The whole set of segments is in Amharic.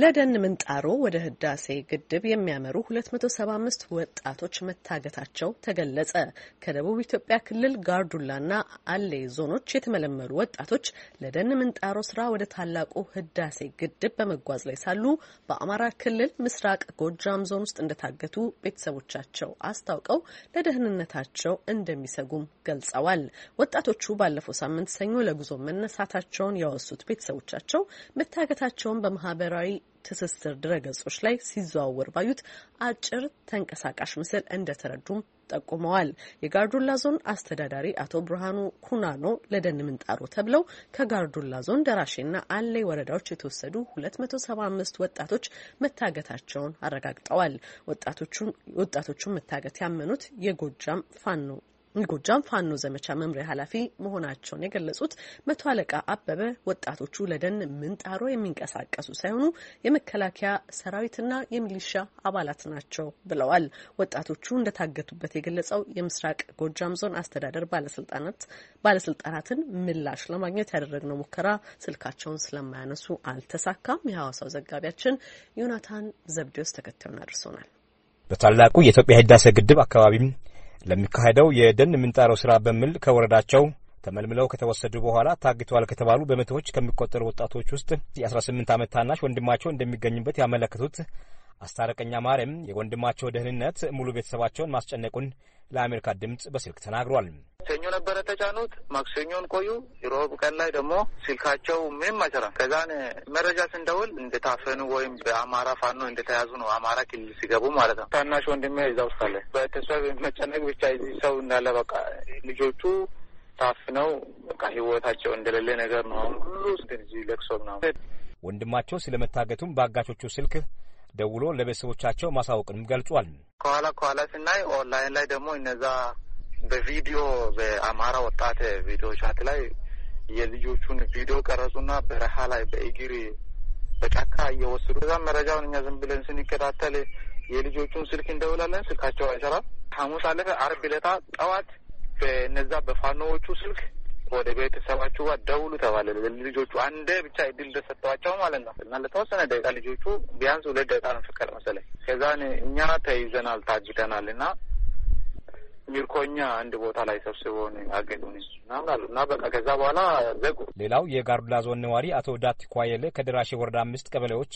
ለደን ምንጣሮ ወደ ህዳሴ ግድብ የሚያመሩ 275 ወጣቶች መታገታቸው ተገለጸ። ከደቡብ ኢትዮጵያ ክልል ጋርዱላና አሌ ዞኖች የተመለመሉ ወጣቶች ለደን ምንጣሮ ስራ ወደ ታላቁ ህዳሴ ግድብ በመጓዝ ላይ ሳሉ በአማራ ክልል ምስራቅ ጎጃም ዞን ውስጥ እንደታገቱ ቤተሰቦቻቸው አስታውቀው ለደህንነታቸው እንደሚሰጉም ገልጸዋል። ወጣቶቹ ባለፈው ሳምንት ሰኞ ለጉዞ መነሳታቸውን ያወሱት ቤተሰቦቻቸው መታገታቸውን በማህበራዊ ትስስር ድረገጾች ላይ ሲዘዋወር ባዩት አጭር ተንቀሳቃሽ ምስል እንደተረዱም ጠቁመዋል። የጋርዱላ ዞን አስተዳዳሪ አቶ ብርሃኑ ኩናኖ ለደን ምንጣሮ ተብለው ከጋርዱላ ዞን ደራሼና አሌ ወረዳዎች የተወሰዱ 275 ወጣቶች መታገታቸውን አረጋግጠዋል። ወጣቶቹን መታገት ያመኑት የጎጃም ፋኖ የጎጃም ፋኖ ዘመቻ መምሪያ ኃላፊ መሆናቸውን የገለጹት መቶ አለቃ አበበ ወጣቶቹ ለደን ምንጣሮ የሚንቀሳቀሱ ሳይሆኑ የመከላከያ ሰራዊትና የሚሊሻ አባላት ናቸው ብለዋል። ወጣቶቹ እንደታገቱበት የገለጸው የምስራቅ ጎጃም ዞን አስተዳደር ባለስልጣናትን ምላሽ ለማግኘት ያደረግነው ሙከራ ስልካቸውን ስለማያነሱ አልተሳካም። የሐዋሳው ዘጋቢያችን ዮናታን ዘብዴዎስ ተከታዩን አድርሶናል። በታላቁ የኢትዮጵያ ህዳሴ ግድብ አካባቢም ለሚካሄደው የደን ምንጣሮ ስራ በሚል ከወረዳቸው ተመልምለው ከተወሰዱ በኋላ ታግተዋል ከተባሉ በመቶዎች ከሚቆጠሩ ወጣቶች ውስጥ የ18 ዓመት ታናሽ ወንድማቸው እንደሚገኝበት ያመለከቱት አስታረቀኛ ማርያም የወንድማቸው ደህንነት ሙሉ ቤተሰባቸውን ማስጨነቁን ለአሜሪካ ድምፅ በስልክ ተናግሯል። ሰኞ ነበረ ተጫኑት። ማክሰኞን ቆዩ። ሮብ ቀን ላይ ደግሞ ስልካቸው ምንም አይሰራም። ከዛን መረጃ ስንደውል እንደታፈኑ ወይም በአማራ ፋኖ እንደተያዙ ነው። አማራ ክልል ሲገቡ ማለት ነው። ታናሽ ወንድሜ እዛ ውስጥ አለ። በተስፋ መጨነቅ ብቻ ሰው እንዳለ በቃ ልጆቹ ታፍነው በቃ ህይወታቸው እንደሌለ ነገር ነው። አሁን ሁሉ ለቅሶ ምናምን ወንድማቸው ስለመታገቱም በአጋቾቹ ስልክ ደውሎ ለቤተሰቦቻቸው ማሳወቅንም ገልጿል። ከኋላ ከኋላ ስናይ ኦንላይን ላይ ደግሞ እነዛ በቪዲዮ በአማራ ወጣት ቪዲዮ ቻት ላይ የልጆቹን ቪዲዮ ቀረጹና በረሃ ላይ በእግር በጫካ እየወሰዱ ከዛም መረጃውን እኛ ዝም ብለን ስንከታተል የልጆቹን ስልክ እንደውላለን። ስልካቸው አይሰራም። ሐሙስ አለፈ። አርብ ለታ ጠዋት በነዛ በፋኖዎቹ ስልክ ወደ ቤተሰባችሁ ጋር ደውሉ ተባለ። ልጆቹ አንዴ ብቻ እድል ተሰጥተዋቸው ማለት ነው እና ለተወሰነ ደቂቃ ልጆቹ ቢያንስ ሁለት ደቂቃ ነው ፍቀድ መሰለኝ። ከዛን እኛ ተይዘናል ታጅተናል እና ምርኮኛ አንድ ቦታ ላይ ሰብስበውን አገዱን እና በቃ ከዛ በኋላ ዘጉ። ሌላው የጋርዱላ ዞን ነዋሪ አቶ ዳቲ ኳየለ ከደራሼ ወረዳ አምስት ቀበሌዎች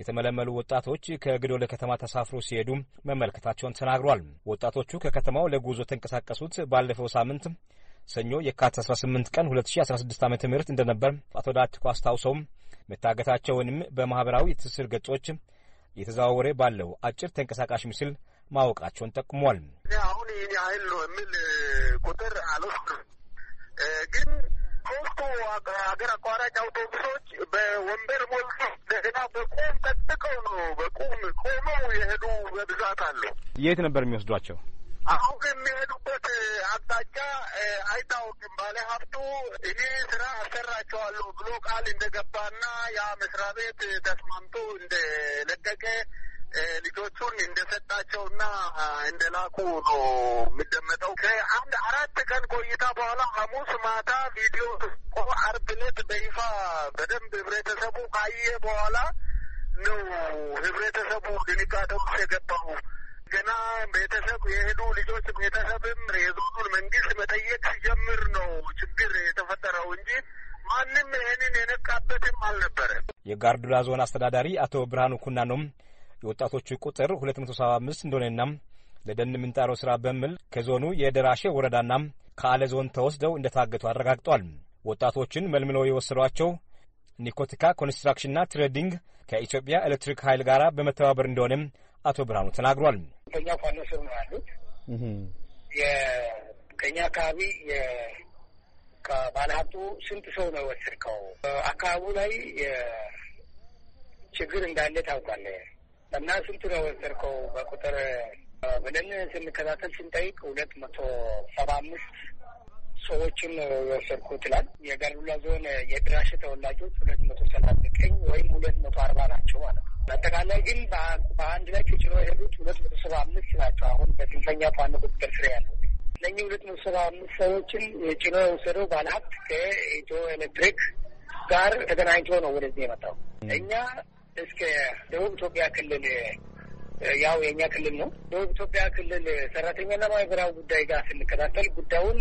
የተመለመሉ ወጣቶች ከግዶለ ከተማ ተሳፍሮ ሲሄዱ መመልከታቸውን ተናግሯል። ወጣቶቹ ከከተማው ለጉዞ ተንቀሳቀሱት ባለፈው ሳምንት ሰኞ የካቲት 18 ቀን 2016 ዓ ም እንደነበር አቶ ዳትኮ አስታውሰውም መታገታቸውንም በማኅበራዊ ትስስር ገጾች እየተዘዋወረ ባለው አጭር ተንቀሳቃሽ ምስል ማወቃቸውን ጠቁሟል። አሁን ይህን ያህል ነው የሚል ቁጥር አልወስድም፣ ግን ሶስቱ ሀገር አቋራጭ አውቶቡሶች በወንበር ሞልቶ ደህና በቁም ጠጥቀው ነው በቁም ቆመው የሄዱ በብዛት አሉ። የት ነበር የሚወስዷቸው? አሁን የሚሄዱበት አቅጣጫ አይታወቅም። ባለ ሀብቱ ይህ ስራ አሰራቸዋለሁ ብሎ ቃል እንደገባና ያ መስሪያ ቤት ተስማምቶ እንደለቀቀ ልጆቹን እንደሰጣቸውና እንደላኩ ነው የምደመጠው። ከአንድ አራት ቀን ቆይታ በኋላ ሐሙስ ማታ ቪዲዮ አርብ ዕለት በይፋ በደንብ ህብረተሰቡ ካየ በኋላ ነው ህብረተሰቡ ድንጋጤ ውስጥ የገባው። ገና ቤተሰብ የሄዱ ልጆች ቤተሰብም የዞኑን መንግስት መጠየቅ ሲጀምር ነው ችግር የተፈጠረው እንጂ ማንም ይህንን የነቃበትም አልነበረ። የጋርዱላ ዞን አስተዳዳሪ አቶ ብርሃኑ ኩናኖም የወጣቶቹ ቁጥር 275 እንደሆነና ለደን ምንጣሮ ስራ በሚል ከዞኑ የደራሼ ወረዳና ከአለ ዞን ተወስደው እንደታገቱ አረጋግጧል። ወጣቶችን መልምለው የወሰዷቸው ኒኮቲካ ኮንስትራክሽንና ትሬዲንግ ከኢትዮጵያ ኤሌክትሪክ ኃይል ጋር በመተባበር እንደሆነም አቶ ብርሃኑ ተናግሯል። ከኛ ፋኖ ስር ነው ያሉት። ከኛ አካባቢ ከባለሀብቱ ስንት ሰው ነው የወሰድከው? አካባቢው ላይ ችግር እንዳለ ታውቃለህ። እና ስንት ነው ወሰድከው በቁጥር ብለን ስንከታተል ስንጠይቅ ሁለት መቶ ሰባ አምስት ሰዎችን የወሰድኩት ትላል። የጋርዱላ ዞን የድራሽ ተወላጆች ሁለት መቶ ሰባ ዘጠኝ ወይም ሁለት መቶ አርባ ናቸው ማለት ነው። በአጠቃላይ ግን በአንድ ላይ ተጭኖ የሄዱት ሁለት መቶ ሰባ አምስት ናቸው። አሁን በስንፈኛ ፋኖ ቁጥጥር ስር ያለው እነኚህ ሁለት መቶ ሰባ አምስት ሰዎችን የጭኖ የወሰደው ባለሀብት ከኢትዮ ኤሌክትሪክ ጋር ተገናኝቶ ነው ወደዚህ የመጣው እኛ እስከ ደቡብ ኢትዮጵያ ክልል ያው የእኛ ክልል ነው። ደቡብ ኢትዮጵያ ክልል ሰራተኛና ማህበራዊ ጉዳይ ጋር ስንከታተል ጉዳዩን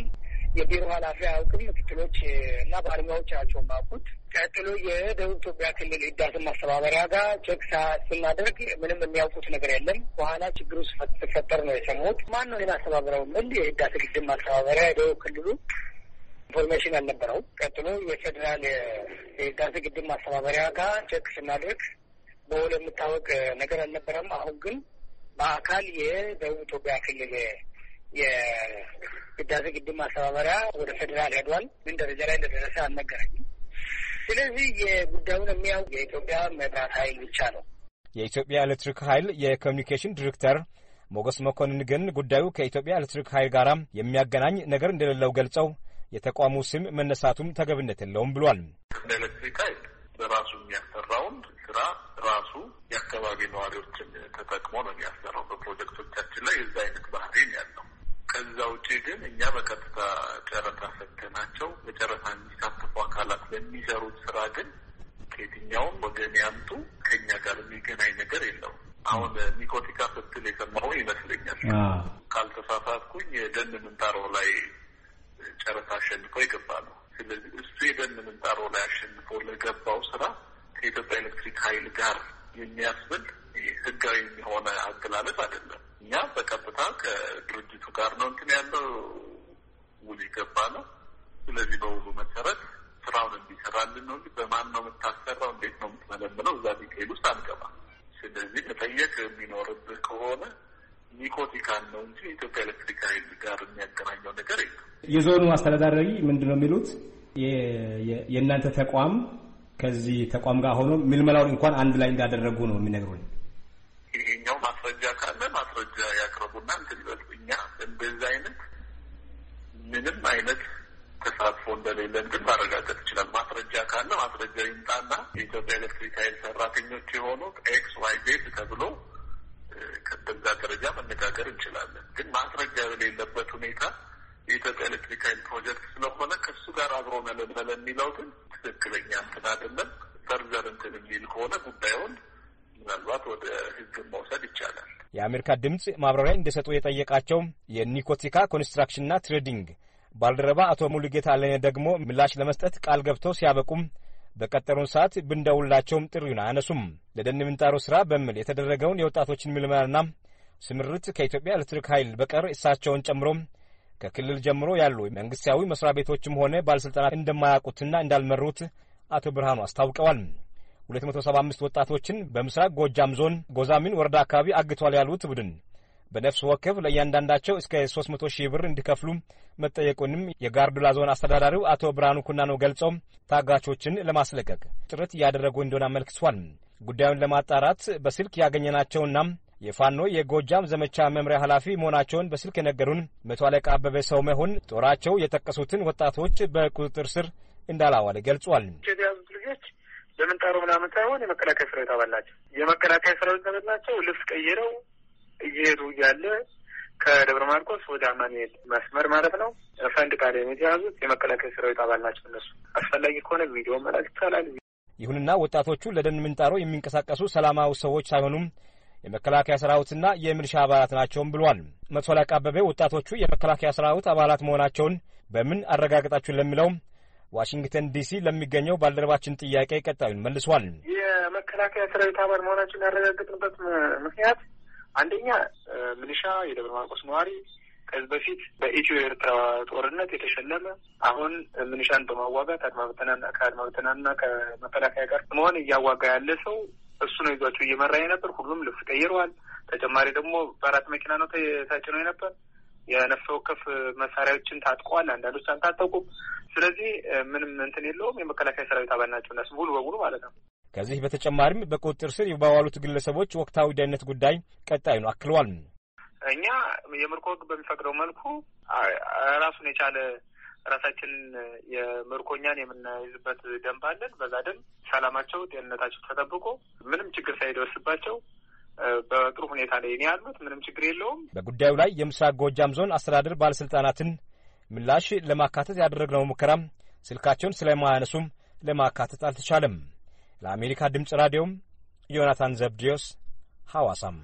የቢሮ ኃላፊ አያውቅም። ምክትሎች እና ባለሙያዎች ናቸው ማቁት። ቀጥሎ የደቡብ ኢትዮጵያ ክልል ህዳሴ ማስተባበሪያ ጋር ቼክ ስናደርግ ምንም የሚያውቁት ነገር የለም። በኋላ ችግሩ ስፈጠር ነው የሰሙት። ማን ነው አስተባበሪያው ምል የህዳሴ ግድብ ማስተባበሪያ የደቡብ ክልሉ ኢንፎርሜሽን አልነበረው። ቀጥሎ የፌዴራል የህዳሴ ግድብ ማስተባበሪያ ጋር ቼክ ስናደርግ በውል የምታወቅ ነገር አልነበረም። አሁን ግን በአካል የደቡብ ኢትዮጵያ ክልል የህዳሴ ግድብ ማስተባበሪያ ወደ ፌዴራል ሄዷል። ምን ደረጃ ላይ እንደደረሰ አልነገረኝም። ስለዚህ የጉዳዩን የሚያውቅ የኢትዮጵያ መብራት ኃይል ብቻ ነው። የኢትዮጵያ ኤሌክትሪክ ኃይል የኮሚኒኬሽን ዲሬክተር ሞገስ መኮንን ግን ጉዳዩ ከኢትዮጵያ ኤሌክትሪክ ኃይል ጋር የሚያገናኝ ነገር እንደሌለው ገልጸው የተቋሙ ስም መነሳቱም ተገብነት የለውም ብሏል። ኤሌክትሪክ ኃይል በራሱ የሚያሰራውን ስራ ራሱ የአካባቢ ነዋሪዎችን ተጠቅሞ ነው የሚያሰራው። በፕሮጀክቶቻችን ላይ የዛ አይነት ባህሪን ያለው ከዛ ውጭ ግን እኛ በቀጥታ ጨረታ ሰጥተናቸው በጨረታ የሚሳተፉ አካላት ለሚሰሩት ስራ ግን ከየትኛውም ወገን ያምጡ ከኛ ጋር የሚገናኝ ነገር የለውም። አሁን ኒኮቲካ ስትል የሰማሁ ይመስለኛል። ካልተሳሳትኩኝ የደን ምንጣሮ ላይ ጨረታ አሸንፈው ይገባሉ። ስለዚህ እሱ የደን ምንጣሮ ላይ አሸንፎ ለገባው ስራ ከኢትዮጵያ ኤሌክትሪክ ኃይል ጋር የሚያስብል ህጋዊ የሆነ አገላለጽ አይደለም። እኛ በቀጥታ ከድርጅቱ ጋር ነው እንትን ያለው ውል ይገባ ነው። ስለዚህ በውሉ መሰረት ስራውን እንዲሰራልን ነው እንጂ በማን ነው የምታሰራው፣ እንዴት ነው የምትመለምለው፣ እዛ ዲቴል ውስጥ አንገባ። ስለዚህ መጠየቅ የሚኖርብህ ከሆነ ኒኮቲካን ነው እንጂ ኢትዮጵያ ኤሌክትሪክ ኃይል ጋር የሚያገናኘው ነገር የለም። የዞኑ አስተዳዳሪ ምንድን ነው የሚሉት? የእናንተ ተቋም ከዚህ ተቋም ጋር ሆኖ ምልመላውን እንኳን አንድ ላይ እንዳደረጉ ነው የሚነግሩን። ይሄኛው ማስረጃ ካለ ማስረጃ ያቅርቡና እንትን ይበሉ። እኛ እንደዚህ አይነት ምንም አይነት ተሳትፎ እንደሌለን ግን ማረጋገጥ ይችላል። ማስረጃ ካለ ማስረጃ ይምጣና የኢትዮጵያ ኤሌክትሪክ ኃይል ሰራተኞች የሆኑ ኤክስ ዋይ ዜድ ተብሎ ደረጃ መነጋገር እንችላለን። ግን ማስረጃ የሌለበት ሁኔታ የኢትዮጵያ ኤሌክትሪክ ኃይል ፕሮጀክት ስለሆነ ከሱ ጋር አብሮ መለመለ የሚለው ግን ትክክለኛ እንትን አይደለም። ፈርዘር እንትን የሚል ከሆነ ጉዳዩን ምናልባት ወደ ሕግን መውሰድ ይቻላል። የአሜሪካ ድምፅ ማብራሪያ እንደሰጡ የጠየቃቸው የኒኮቲካ ኮንስትራክሽንና ትሬዲንግ ባልደረባ አቶ ሙሉጌታ አለነ ደግሞ ምላሽ ለመስጠት ቃል ገብተው ሲያበቁም በቀጠሩን ሰዓት ብንደውላቸውም ጥሪውን አያነሱም። ለደን ምንጣሩ ስራ በሚል የተደረገውን የወጣቶችን ምልመናና ስምርት ከኢትዮጵያ ኤሌክትሪክ ኃይል በቀር እሳቸውን ጨምሮ ከክልል ጀምሮ ያሉ መንግስታዊ መስሪያ ቤቶችም ሆነ ባለሥልጣናት እንደማያውቁትና እንዳልመሩት አቶ ብርሃኑ አስታውቀዋል። 275 ወጣቶችን በምስራቅ ጎጃም ዞን ጎዛሚን ወረዳ አካባቢ አግቷል ያሉት ቡድን በነፍስ ወከፍ ለእያንዳንዳቸው እስከ 300 ሺህ ብር እንዲከፍሉ መጠየቁንም የጋርዱላ ዞን አስተዳዳሪው አቶ ብርሃኑ ኩናኖ ገልጸው ታጋቾችን ለማስለቀቅ ጥረት እያደረጉ እንደሆነ አመልክቷል። ጉዳዩን ለማጣራት በስልክ ያገኘናቸውና የፋኖ የጎጃም ዘመቻ መምሪያ ኃላፊ መሆናቸውን በስልክ የነገሩን መቶ አለቃ አበበ ሰው መሆን ጦራቸው የጠቀሱትን ወጣቶች በቁጥጥር ስር እንዳላዋለ ገልጿል። የተያዙት ልጆች በምንጣሩ ምናምን ሳይሆን የመከላከያ ሰራዊት አባል ናቸው። የመከላከያ ሰራዊት አባል ናቸው። ልብስ ቀይረው እየሄዱ እያለ ከደብረ ማርቆስ ወደ አማን መስመር ማለት ነው። ፈንድቃ ላይ የተያዙት የመከላከያ ሰራዊት አባል ናቸው። እነሱ አስፈላጊ ከሆነ ቪዲዮ መላክ ይቻላል። ይሁንና ወጣቶቹ ለደን ምንጣሮ የሚንቀሳቀሱ ሰላማዊ ሰዎች ሳይሆኑም የመከላከያ ሰራዊትና የሚልሻ አባላት ናቸውም ብሏል። መቶ አለቃ አበበ ወጣቶቹ የመከላከያ ሰራዊት አባላት መሆናቸውን በምን አረጋግጣችሁ ለሚለው ዋሽንግተን ዲሲ ለሚገኘው ባልደረባችን ጥያቄ ቀጣዩን መልሷል። የመከላከያ ሰራዊት አባል መሆናችን ያረጋግጥንበት ምክንያት አንደኛ ሚሊሻ የደብረ ማርቆስ ነዋሪ ከዚህ በፊት በኢትዮ ኤርትራ ጦርነት የተሸለመ አሁን ሚሊሻን በማዋጋት አድማ ብተናና ከአድማ ብተናና ከመከላከያ ጋር መሆን እያዋጋ ያለ ሰው እሱ ነው ይዟቸው እየመራ ነበር። ሁሉም ልብስ ቀይረዋል። ተጨማሪ ደግሞ በአራት መኪና ነው ታጭነው የነበር። የነፍሰ ወከፍ መሳሪያዎችን ታጥቀዋል። አንዳንዶች አልታጠቁም። ስለዚህ ምንም እንትን የለውም። የመከላከያ ሰራዊት አባል ናቸው እነሱ ሙሉ በሙሉ ማለት ነው። ከዚህ በተጨማሪም በቁጥጥር ስር የባዋሉት ግለሰቦች ወቅታዊ ደህንነት ጉዳይ ቀጣይ ነው አክለዋል። እኛ የምርኮ ህግ በሚፈቅደው መልኩ ራሱን የቻለ ራሳችን የምርኮኛን የምናይዝበት ደንብ አለን። በዛ ደንብ ሰላማቸው፣ ጤንነታቸው ተጠብቆ ምንም ችግር ሳይደርስባቸው በጥሩ ሁኔታ ላይ ነው ያሉት። ምንም ችግር የለውም። በጉዳዩ ላይ የምስራቅ ጎጃም ዞን አስተዳደር ባለስልጣናትን ምላሽ ለማካተት ያደረግነው ሙከራ ስልካቸውን ስለማያነሱም ለማካተት አልተቻለም። ለአሜሪካ ድምፅ ራዲዮም ዮናታን ዘብዲዮስ ሐዋሳም